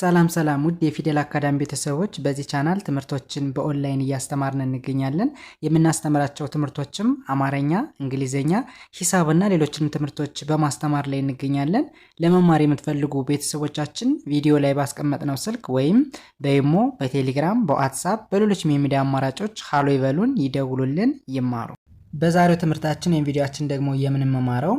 ሰላም ሰላም ውድ የፊደል አካዳሚ ቤተሰቦች፣ በዚህ ቻናል ትምህርቶችን በኦንላይን እያስተማርን እንገኛለን። የምናስተምራቸው ትምህርቶችም አማረኛ እንግሊዝኛ፣ ሂሳብና ሌሎችንም ትምህርቶች በማስተማር ላይ እንገኛለን። ለመማር የምትፈልጉ ቤተሰቦቻችን ቪዲዮ ላይ ባስቀመጥነው ስልክ ወይም በይሞ በቴሌግራም በዋትሳፕ በሌሎችም የሚዲያ አማራጮች ሀሎ ይበሉን፣ ይደውሉልን፣ ይማሩ። በዛሬው ትምህርታችን ወይም ቪዲዮችን ደግሞ የምንመማረው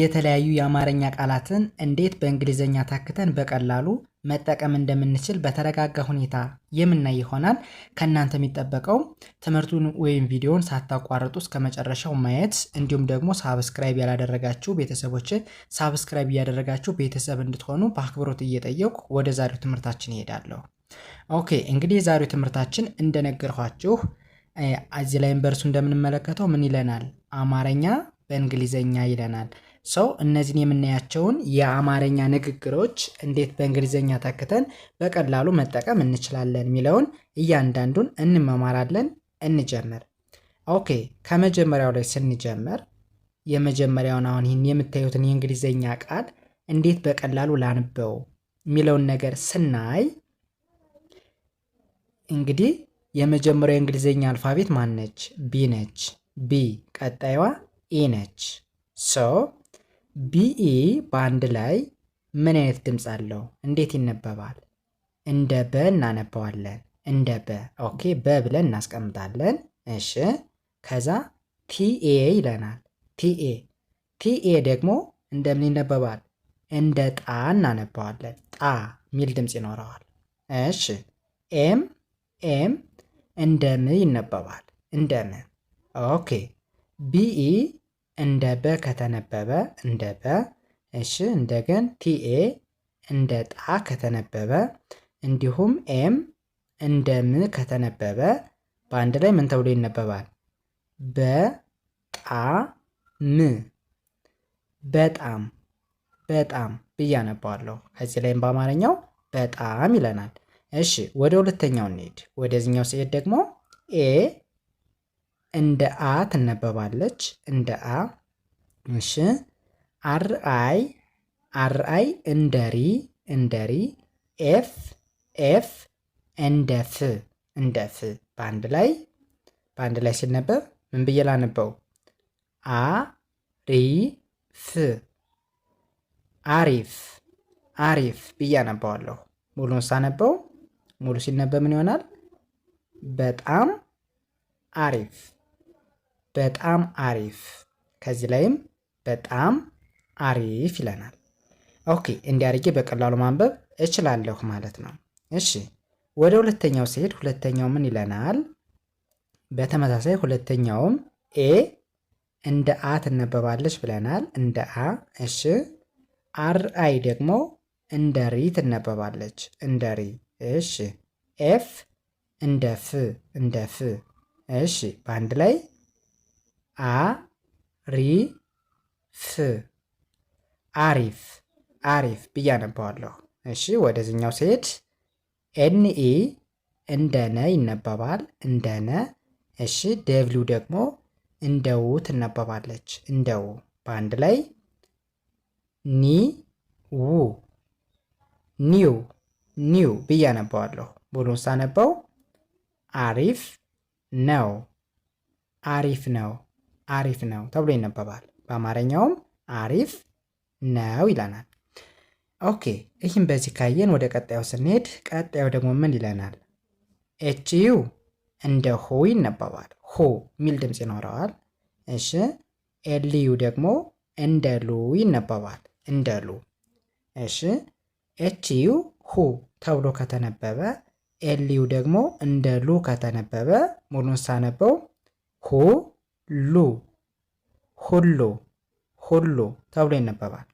የተለያዩ የአማርኛ ቃላትን እንዴት በእንግሊዝኛ ታክተን በቀላሉ መጠቀም እንደምንችል በተረጋጋ ሁኔታ የምናይ ይሆናል። ከእናንተ የሚጠበቀው ትምህርቱን ወይም ቪዲዮን ሳታቋርጡ እስከ መጨረሻው ማየት እንዲሁም ደግሞ ሳብስክራይብ ያላደረጋችሁ ቤተሰቦችን ሳብስክራይብ እያደረጋችሁ ቤተሰብ እንድትሆኑ በአክብሮት እየጠየቁ ወደ ዛሬው ትምህርታችን ይሄዳለሁ። ኦኬ እንግዲህ የዛሬው ትምህርታችን እንደነገርኋችሁ እዚህ ላይ በእርሱ እንደምንመለከተው ምን ይለናል? አማርኛ በእንግሊዝኛ ይለናል። ሰው እነዚህን የምናያቸውን የአማርኛ ንግግሮች እንዴት በእንግሊዝኛ ተክተን በቀላሉ መጠቀም እንችላለን የሚለውን እያንዳንዱን እንመማራለን። እንጀምር። ኦኬ፣ ከመጀመሪያው ላይ ስንጀምር የመጀመሪያውን አሁን ይህን የምታዩትን የእንግሊዝኛ ቃል እንዴት በቀላሉ ላንበው የሚለውን ነገር ስናይ እንግዲህ የመጀመሪያው የእንግሊዝኛ አልፋቤት ማን ነች? ቢ ነች። ቢ ቀጣይዋ ኤ ነች። ሶ ቢኢ በአንድ ላይ ምን አይነት ድምፅ አለው? እንዴት ይነበባል? እንደ በ እናነባዋለን። እንደ በ ኦኬ፣ በ ብለን እናስቀምጣለን። እሺ፣ ከዛ ቲኤ ይለናል። ቲኤ ቲኤ ደግሞ እንደምን ይነበባል? እንደ ጣ እናነባዋለን። ጣ ሚል ድምፅ ይኖረዋል። እሺ፣ ኤም ኤም እንደ ም ይነበባል። እንደ ም ኦኬ፣ ቢኢ እንደ በ ከተነበበ እንደ በ እሺ። እንደገን ቲኤ እንደ ጣ ከተነበበ እንዲሁም ኤም እንደ ም ከተነበበ በአንድ ላይ ምን ተብሎ ይነበባል? በጣም በጣም በጣም ብዬ አነባዋለሁ። ከዚህ ላይም በአማርኛው በጣም ይለናል። እሺ ወደ ሁለተኛው እንሄድ። ወደዚህኛው ስሄድ ደግሞ ኤ እንደ አ ትነበባለች። እንደ አ። እሺ አርአይ አርአይ እንደ እንደሪ እንደሪ ኤፍ ኤፍ እንደ ፍ እንደ ፍ። በአንድ ላይ በአንድ ላይ ሲነበብ ምን ብዬ ላነበው? አ ሪ ፍ አሪፍ አሪፍ ብዬ አነባዋለሁ። ሙሉን ሳነበው ሙሉ ሲነበብ ምን ይሆናል? በጣም አሪፍ በጣም አሪፍ፣ ከዚህ ላይም በጣም አሪፍ ይለናል። ኦኬ እንዲህ አድርጌ በቀላሉ ማንበብ እችላለሁ ማለት ነው። እሺ ወደ ሁለተኛው ሲሄድ ሁለተኛው ምን ይለናል? በተመሳሳይ ሁለተኛውም ኤ እንደ አ ትነበባለች ብለናል። እንደ አ እሺ። አር አይ ደግሞ እንደ ሪ ትነበባለች። እንደ ሪ እሺ። ኤፍ እንደ ፍ እንደ ፍ እሺ። በአንድ ላይ አሪፍ አሪፍ አሪፍ ብዬ አነባዋለሁ። እሺ ወደዚኛው ስሄድ ኤን ኤ እንደ ነ ይነበባል እንደ ነ። እሺ ደብሊው ደግሞ እንደ ው ትነበባለች እንደው። በአንድ ላይ ኒ ው ኒው ኒው ብዬ አነባዋለሁ። ሙሉን ሳነበው አሪፍ ነው አሪፍ ነው አሪፍ ነው ተብሎ ይነበባል። በአማርኛውም አሪፍ ነው ይለናል። ኦኬ ይህም በዚህ ካየን ወደ ቀጣዩ ስንሄድ ቀጣዩ ደግሞ ምን ይለናል? ዩ እንደ ሆ ይነበባል። ሆ የሚል ድምፅ ይኖረዋል። እሺ ኤልዩ ደግሞ እንደ ሉ ይነበባል። እንደ ሉ። እሺ ኤችዩ ሁ ተብሎ ከተነበበ ኤልዩ ደግሞ እንደ ሉ ከተነበበ ሙሉን ሳነበው ሁ ሉ ሁሉ ሁሉ ተብሎ ይነበባል።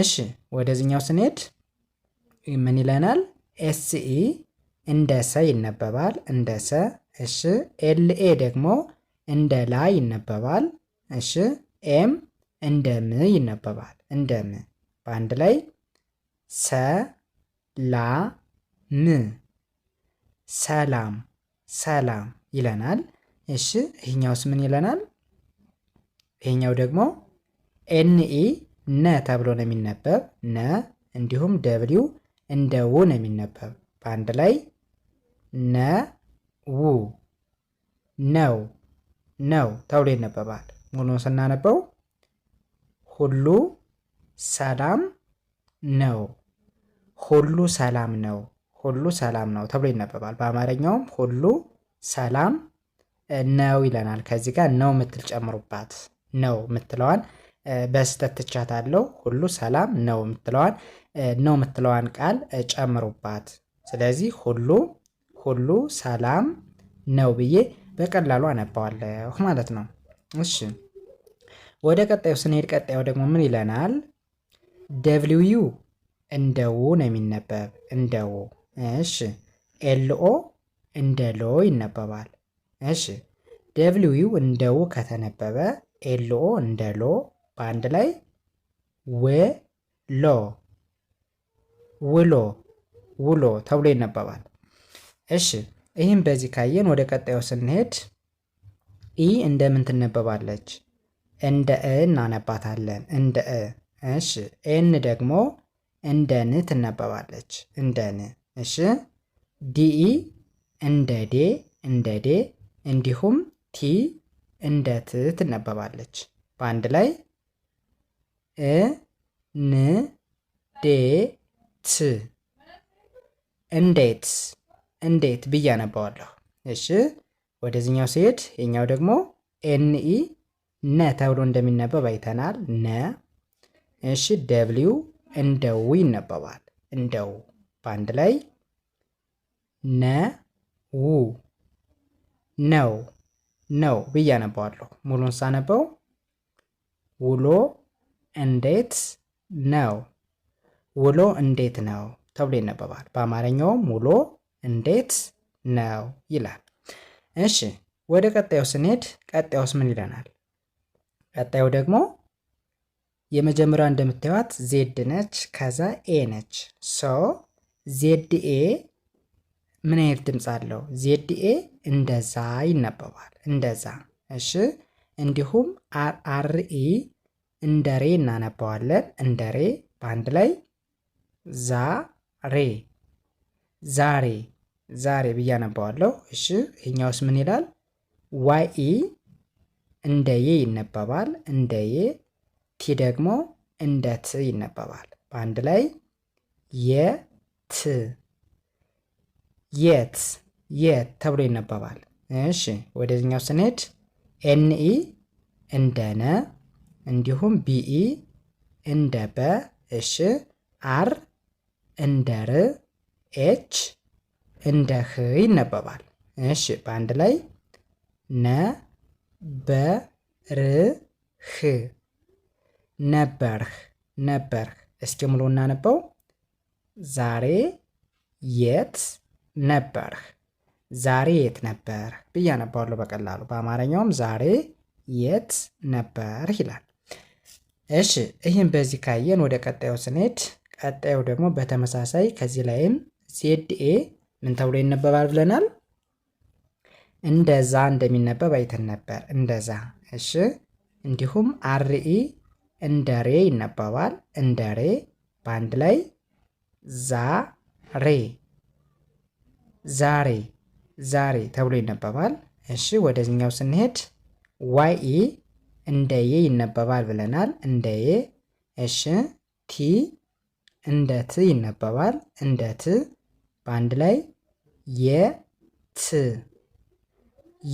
እሺ ወደዚህኛው ስንሄድ ምን ይለናል? ኤስኢ እንደ ሰ ይነበባል። እንደ ሰ እሺ። ኤልኤ ደግሞ እንደ ላ ይነበባል። እሺ። ኤም እንደ ም ይነበባል። እንደ ም በአንድ ላይ ሰ ላ ም ሰላም ሰላም ይለናል። እሺ ይሄኛውስ ምን ይለናል? ይሄኛው ደግሞ ኤንኢ ነ ተብሎ ነው የሚነበብ ነ እንዲሁም ደብሊው እንደ ው ነው የሚነበብ በአንድ ላይ ነ ው ነው ነው ተብሎ ይነበባል። ሙሉን ስናነበው ሁሉ ሰላም ነው፣ ሁሉ ሰላም ነው፣ ሁሉ ሰላም ነው ተብሎ ይነበባል። በአማርኛውም ሁሉ ሰላም ነው ይለናል። ከዚህ ጋር ነው ምትል ጨምሩባት። ነው ምትለዋን በስተትቻት ትቻታለው ሁሉ ሰላም ነው ምትለዋን ነው ምትለዋን ቃል ጨምሩባት። ስለዚህ ሁሉ ሁሉ ሰላም ነው ብዬ በቀላሉ አነባዋለሁ ማለት ነው። እሺ ወደ ቀጣዩ ስንሄድ ቀጣዩ ደግሞ ምን ይለናል? ደብልዩ እንደው ነው የሚነበብ እንደው። እሺ ኤልኦ እንደ ሎ ይነበባል። እሺ ደብሊው እንደ ው ከተነበበ ኤልኦ እንደ ሎ በአንድ ላይ ወ ሎ ውሎ ውሎ ተብሎ ይነበባል። እሺ ይህም በዚህ ካየን ወደ ቀጣዩ ስንሄድ ኢ እንደምን ትነበባለች? እንደ እ እናነባታለን። እንደ እ እሺ ኤን ደግሞ እንደ ን ትነበባለች። እንደ ን እሺ ዲኢ እንደ ዴ እንደ ዴ እንዲሁም ቲ እንደ ት ትነበባለች። በአንድ ላይ እ ን ዴ ት እንዴት እንዴት ብዬ አነባዋለሁ። እሺ ወደዚኛው ሲሄድ የኛው ደግሞ ኤንኢ ነ ተብሎ እንደሚነበብ አይተናል። ነ እሺ ደብሊው እንደው ይነበባል። እንደው በአንድ ላይ ነ ው ነው ነው ብዬ አነባዋለሁ። ሙሉን ሳነበው ውሎ እንዴት ነው ውሎ እንዴት ነው ተብሎ ይነበባል። በአማርኛውም ውሎ እንዴት ነው ይላል። እሺ ወደ ቀጣዩ ስንሄድ ቀጣዩስ ምን ይለናል? ቀጣዩ ደግሞ የመጀመሪያዋ እንደምታዩት ዜድ ነች። ከዛ ኤ ነች። ሶ ዜድ ኤ ምን አይነት ድምፅ አለው? ዜድኤ እንደዛ ይነበባል። እንደዛ እሺ። እንዲሁም አርኢ እንደ ሬ እናነባዋለን። እንደ ሬ በአንድ ላይ ዛሬ፣ ዛሬ፣ ዛሬ ብዬ አነባዋለሁ። እሺ፣ ይህኛውስ ምን ይላል? ዋኢ እንደ የ ይነበባል። እንደ የ ቲ ደግሞ እንደ ት ይነበባል። በአንድ ላይ የት የት የት ተብሎ ይነበባል። እሺ ወደዚኛው ስንሄድ ኤንኢ እንደ ነ እንዲሁም ቢኢ እንደ በ እሺ አር እንደ ር ኤች እንደ ህ ይነበባል። እሺ በአንድ ላይ ነ በ ር ህ ነበርህ ነበርህ። እስኪ ሙሉ እናነበው ዛሬ የት ነበርህ፣ ዛሬ የት ነበርህ ብዬ አነባዋለሁ በቀላሉ በአማርኛውም ዛሬ የት ነበርህ ይላል። እሺ ይህን በዚህ ካየን ወደ ቀጣዩ ስንሄድ ቀጣዩ ደግሞ በተመሳሳይ ከዚህ ላይም ዜድኤ ምን ተብሎ ይነበባል ብለናል። እንደዛ እንደሚነበብ አይተን ነበር። እንደዛ እሺ። እንዲሁም አርኢ እንደ ሬ ይነበባል። እንደ ሬ በአንድ ላይ ዛሬ ዛሬ ዛሬ ተብሎ ይነበባል። እሺ ወደዚህኛው ስንሄድ ዋይ ኢ እንደ የ ይነበባል ብለናል። እንደ የ እሺ። ቲ እንደ ት ይነበባል። እንደ ት በአንድ ላይ የት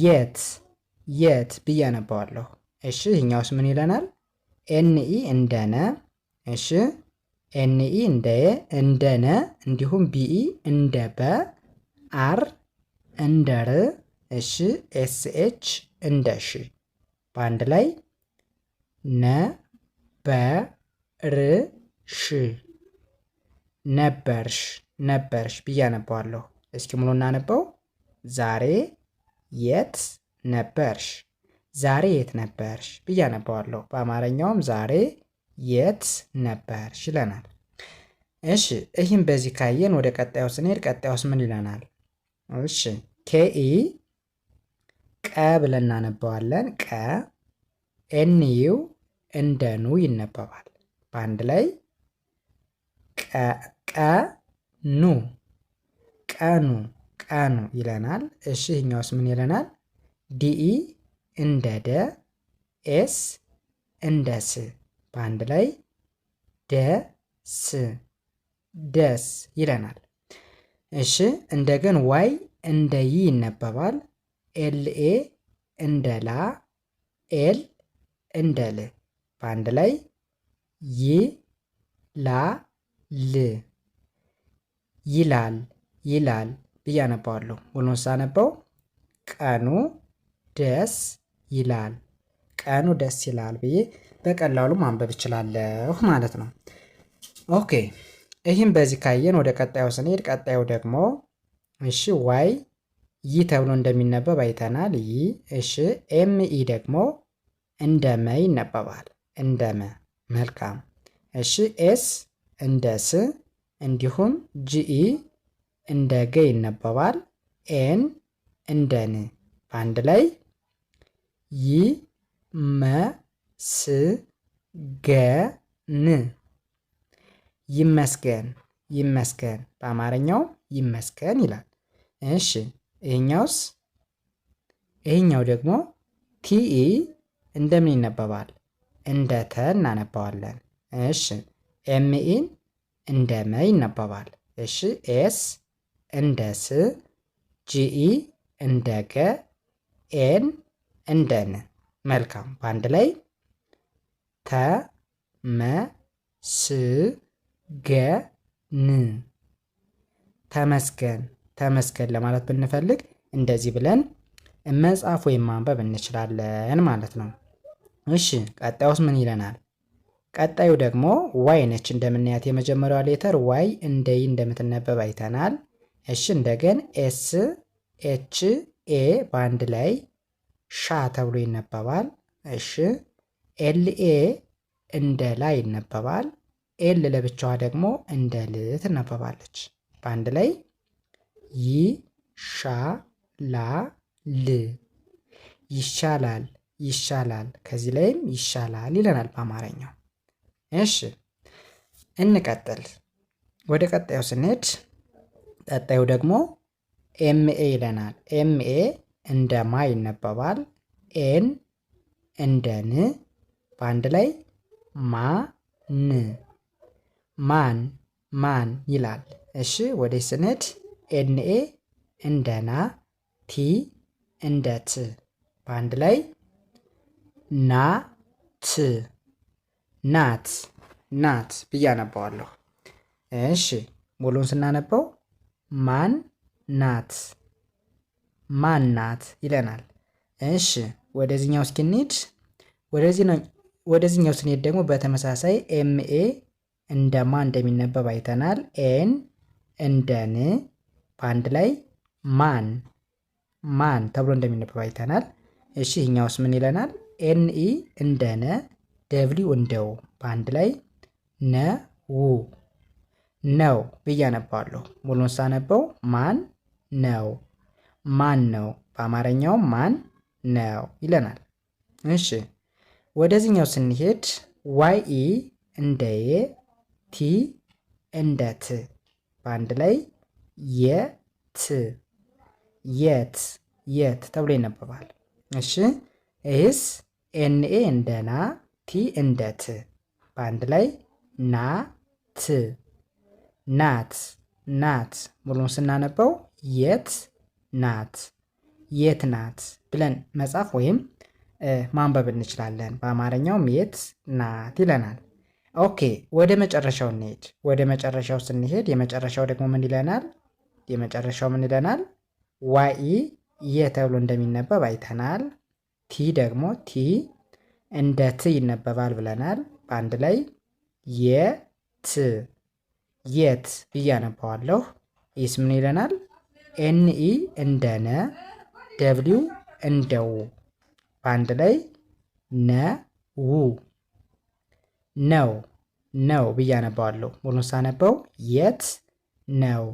የት የት ብዬ አነባዋለሁ። እሺ ይህኛውስ ምን ይለናል? ኤንኢ እንደ ነ እሺ ኤንኢ እንደ የ እንደ ነ እንዲሁም ቢኢ እንደ በ አር እንደ ር እሺ ኤስ ኤች እንደ ሽ በአንድ ላይ ሽ ነበርሽ ነበርሽ ብዬ አነባዋለሁ። እስኪ ሙሉ እናነበው። ዛሬ የት ነበርሽ? ዛሬ የት ነበርሽ ብዬ አነባዋለሁ። በአማርኛውም ዛሬ የት ነበርሽ ይለናል። እሺ ይህም በዚህ ካየን ወደ ቀጣዩ ስንሄድ ቀጣዩስ ምን ይለናል? እሺ ኢ ቀ ብለን እናነባዋለን። ቀ ኤን ዩ እንደ ኑ ይነበባል። በአንድ ላይ ቀ ኑ ቀኑ ቀኑ ይለናል። እሺ ይህኛውስ ምን ይለናል? ዲኢ እንደ ደ ኤስ እንደ ስ በአንድ ላይ ደስ ደስ ይለናል። እሺ እንደገን ዋይ እንደ ይ ይነበባል። ኤልኤ እንደ ላ፣ ኤል እንደ ል በአንድ ላይ ይ ላ ል ይላል ይላል ብዬ አነባዋለሁ። ሁሉን ሳነበው ቀኑ ደስ ይላል ቀኑ ደስ ይላል ብዬ በቀላሉ ማንበብ እችላለሁ ማለት ነው። ኦኬ ይህም በዚህ ካየን ወደ ቀጣዩ ስንሄድ ቀጣዩ ደግሞ እሺ ዋይ ይ ተብሎ እንደሚነበብ አይተናል። ይ እሺ ኤም ደግሞ እንደ መ ይነበባል። እንደ መ መልካም። እሺ ኤስ እንደ ስ እንዲሁም ጂኢ እንደ ገ ይነበባል። ኤን እንደ ን በአንድ ላይ ይ መ ስ ገ ን ይመስገን ይመስገን በአማርኛው ይመስገን ይላል። እሺ ይሄኛውስ? ይሄኛው ደግሞ ቲኢ እንደምን ይነበባል? እንደ ተ እናነባዋለን። እሺ ኤምኢን እንደ መ ይነበባል። እሺ ኤስ እንደ ስ፣ ጂኢ እንደ ገ፣ ኤን እንደ ን። መልካም በአንድ ላይ ተ መ ስ ገን ተመስገን ተመስገን ለማለት ብንፈልግ እንደዚህ ብለን መጻፍ ወይም ማንበብ እንችላለን ማለት ነው። እሺ ቀጣዩስ ምን ይለናል? ቀጣዩ ደግሞ ዋይ ነች። እንደምናያት የመጀመሪያው ሌተር ዋይ እንደይ እንደምትነበብ አይተናል። እሺ እንደገን ኤስ ኤች ኤ በአንድ ላይ ሻ ተብሎ ይነበባል። እሺ ኤልኤ እንደ ላይ ይነበባል። ኤል ለብቻዋ ደግሞ እንደ ል ትነበባለች። በአንድ ላይ ይ ሻ ላ ል ይሻላል፣ ይሻላል። ከዚህ ላይም ይሻላል ይለናል በአማርኛው። እሺ እንቀጥል። ወደ ቀጣዩ ስንሄድ ቀጣዩ ደግሞ ኤምኤ ይለናል። ኤምኤ እንደ ማ ይነበባል። ኤን እንደ ን በአንድ ላይ ማ ን ማን ማን ይላል። እሺ ወደ ስንሄድ ኤንኤ እንደ ና ቲ እንደ ት በአንድ ላይ ና ት ናት ናት ብዬ አነባዋለሁ። እሺ ሙሉን ስናነበው ማን ናት ማን ናት ይለናል። እሺ ወደዚህኛው እስኪንሄድ ወደዚህኛው ስንሄድ ደግሞ በተመሳሳይ ኤምኤ እንደ ማ እንደሚነበብ አይተናል። ኤን እንደ ን በአንድ ላይ ማን ማን ተብሎ እንደሚነበብ አይተናል። እሺ ይህኛውስ ምን ይለናል? ኤን ኢ እንደ ነ ደብሊው እንደው በአንድ ላይ ነ ው ነው ብዬ አነባዋለሁ። ሙሉን ሳነበው ማን ነው ማን ነው በአማርኛውም ማን ነው ይለናል። እሺ ወደዚህኛው ስንሄድ ዋይ ኢ እንደ የ ቲ እንደ ት በአንድ ላይ የት የት የት ተብሎ ይነበባል። እሺ ይህስ ኤንኤ እንደ ና ቲ እንደ ት በአንድ ላይ ና ት ናት ናት ሙሉን ስናነበው የት ናት የት ናት ብለን መጻፍ ወይም ማንበብ እንችላለን። በአማርኛውም የት ናት ይለናል። ኦኬ ወደ መጨረሻው እንሄድ። ወደ መጨረሻው ስንሄድ የመጨረሻው ደግሞ ምን ይለናል? የመጨረሻው ምን ይለናል? ዋይ የ ተብሎ እንደሚነበብ አይተናል። ቲ ደግሞ ቲ እንደ ት ይነበባል ብለናል። በአንድ ላይ የት የት ብያነባዋለሁ። ኢስ ምን ይለናል? ኤንኢ እንደ ነ፣ ደብሊው እንደ ው፣ በአንድ ላይ ነ ው ነው ነው ብዬ አነባዋለሁ። ሙሉን ሳነበው የት ነው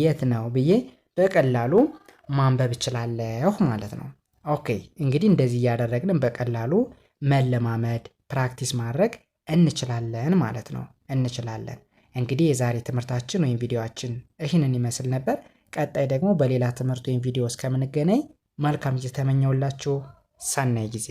የት ነው ብዬ በቀላሉ ማንበብ እችላለሁ ማለት ነው። ኦኬ እንግዲህ እንደዚህ እያደረግንም በቀላሉ መለማመድ ፕራክቲስ ማድረግ እንችላለን ማለት ነው። እንችላለን እንግዲህ የዛሬ ትምህርታችን ወይም ቪዲዮአችን ይህንን ይመስል ነበር። ቀጣይ ደግሞ በሌላ ትምህርት ወይም ቪዲዮ እስከምንገናኝ መልካም ጊዜ ተመኘውላችሁ። ሰናይ ጊዜ